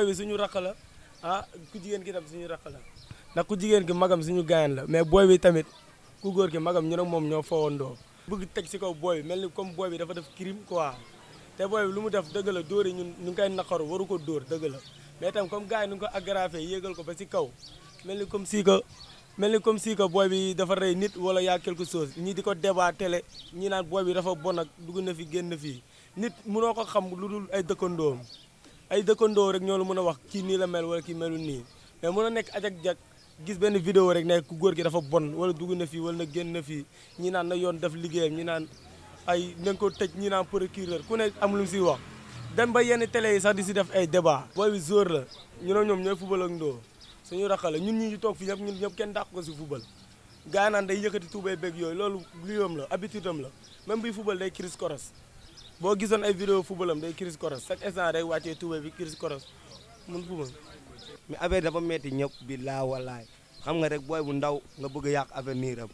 papa bi suñu rakk la ah ku jigéen ki tam suñu rakk la ndax ku jigéen ki magam suñu gaayan la mais booy bi tamit ku góor ki magam ñu ne moom ñoo fowandoo bëgg teg si kaw booy bi mel ni comme booy bi dafa def crime quoi te booy lu mu def dëgg dóor ñun ñu ngi koy naqaru waru ko dóor dëgg la mais tam comme gars yi nu ko aggravé yéegal ko ba si kaw mel ni comme si mel ni comme si booy bi dafa rey nit wala yaa quelque chose ñii di ko débat télé ñi naan booy bi dafa bon ak dugg na fi génn fii nit mënoo ko xam lu dul ay dëkkandoom ay dëkkandoo rek ñoo la mën a wax kii nii la mel wala kii melul nii mais mën a nekk ajak jak gis benn vidéo rek ne ku góor gi dafa bon wala dugg na fii wala na génn na fii ñi naan na yoon def liggéeyam ñi naan ay nañ ko tëj ñi naan procureur ku ne am lu mu siy wax dem ba yenn télé yi sax di si def ay débat booy bi joueur la ñu ne ñoom ñooy football ak ndoo suñu la ñun ñi ñu toog fii ñëpp ñun ñëpp kenn dàq ko si football gaa naan day yëkkati tuubay beeg yooyu loolu lu la habitude am la même buy football day crise koros boo gisoon ay vidéo football am day crise koros chaque instant day wàccee tuubé bi crise koros mun football mais affaire dafa metti ñëpp bi laa walaay xam nga rek booy bu ndaw nga bëgg a yàq avenir am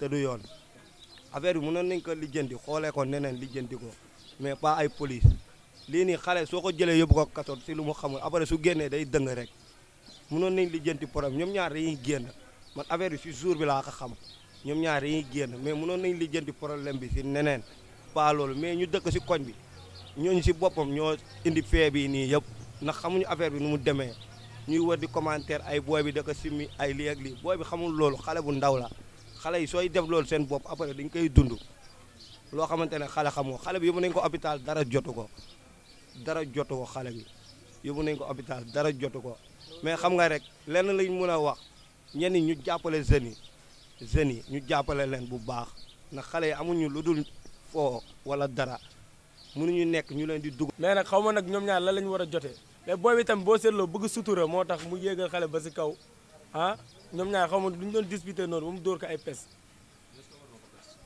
te du yoon affaire bi mënoon nañ ko lijjanti xoolee ko neneen lijjanti ko mais pas ay police lii nii xale soo ko jëlee yóbbu ko kaso si lu mu xamul après su génnee day dëng rek mënoon nañ lijjanti problème ñoom ñaari dañuy génn a affaire bi si jour bi laa ko xam ñoom ñaar génn mais mënoon nañ lijjanti poroblème bi si neneen pas loolu mais ñu dëkk si koñ bi ñooñu si boppam ñoo indi fee bi nii yëpp ndax xamuñu affaire bi nu mu demee ñuy wër di commentaire ay booy bi da ko simmi ay lii ak lii booy bi xamul loolu xale bu ndaw la xale yi sooy def loolu seen bopp après dañ koy dund loo xamante ne xale xamoo xale bi yóbbu nañ ko hôpital dara jotu ko dara jotu ko xale bi yóbbu nañ ko hôpital dara jotu ko mais xam nga rek lenn lañ mën a wax ñenn ñu jàppale jeunes yi jeunes yi ñu jàppale leen bu baax ndax xale yi amuñu lu dul foo wala dara nu ñuy nekk ñu leen di dugg. mais nag xaw ma nag ñoom ñaar la lañ war a jotee mais booy seetloo bëgg sutura moo tax mu yéegal xale ba si kaw ah ñoom ñaar xaw ma duñ doon disputé noonu ba mu dóor ko ay pes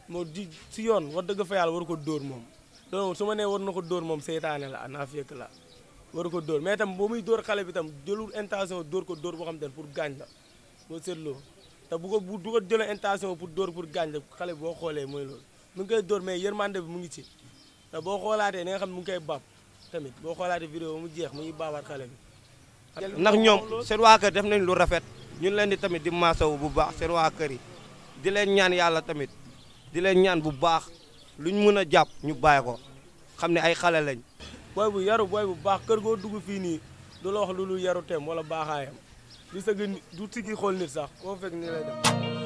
moo di si yoon wax dëgg fa yàlla ko dóor moom donc su ma nee war na ko dóor moom seytaane la naa fekk la war ko dóor mais itam boo muy dóor xale bi tam jëlul intention dóor ko dóor boo xam te pour gaañ la boo seetloo te bu ko bu du ko jëlee intention pour dóor pour gaañ la xale boo xoolee mooy loolu mu ngi koy dóor mais yërmande bi mu ngi ci te boo xoolaatee da nga xam ne mu ngi koy baab tamit boo xoolaatee vidéo mu jeex mu ngi baabaat xale bi. ndax ñoom seen waa kër def nañ lu rafet ñun leen di tamit di maasawu bu baax seen waa kër yi di leen ñaan yàlla tamit di leen ñaan bu baax luñ mën a jàpp ñu bàyyi ko xam ne ay xale lañ. booy bu yaru booy bu baax kër goo dugg fii nii du la wax lu lu yaru tem wala baaxaayam du sëgg du tigi xool nit sax koo fek ni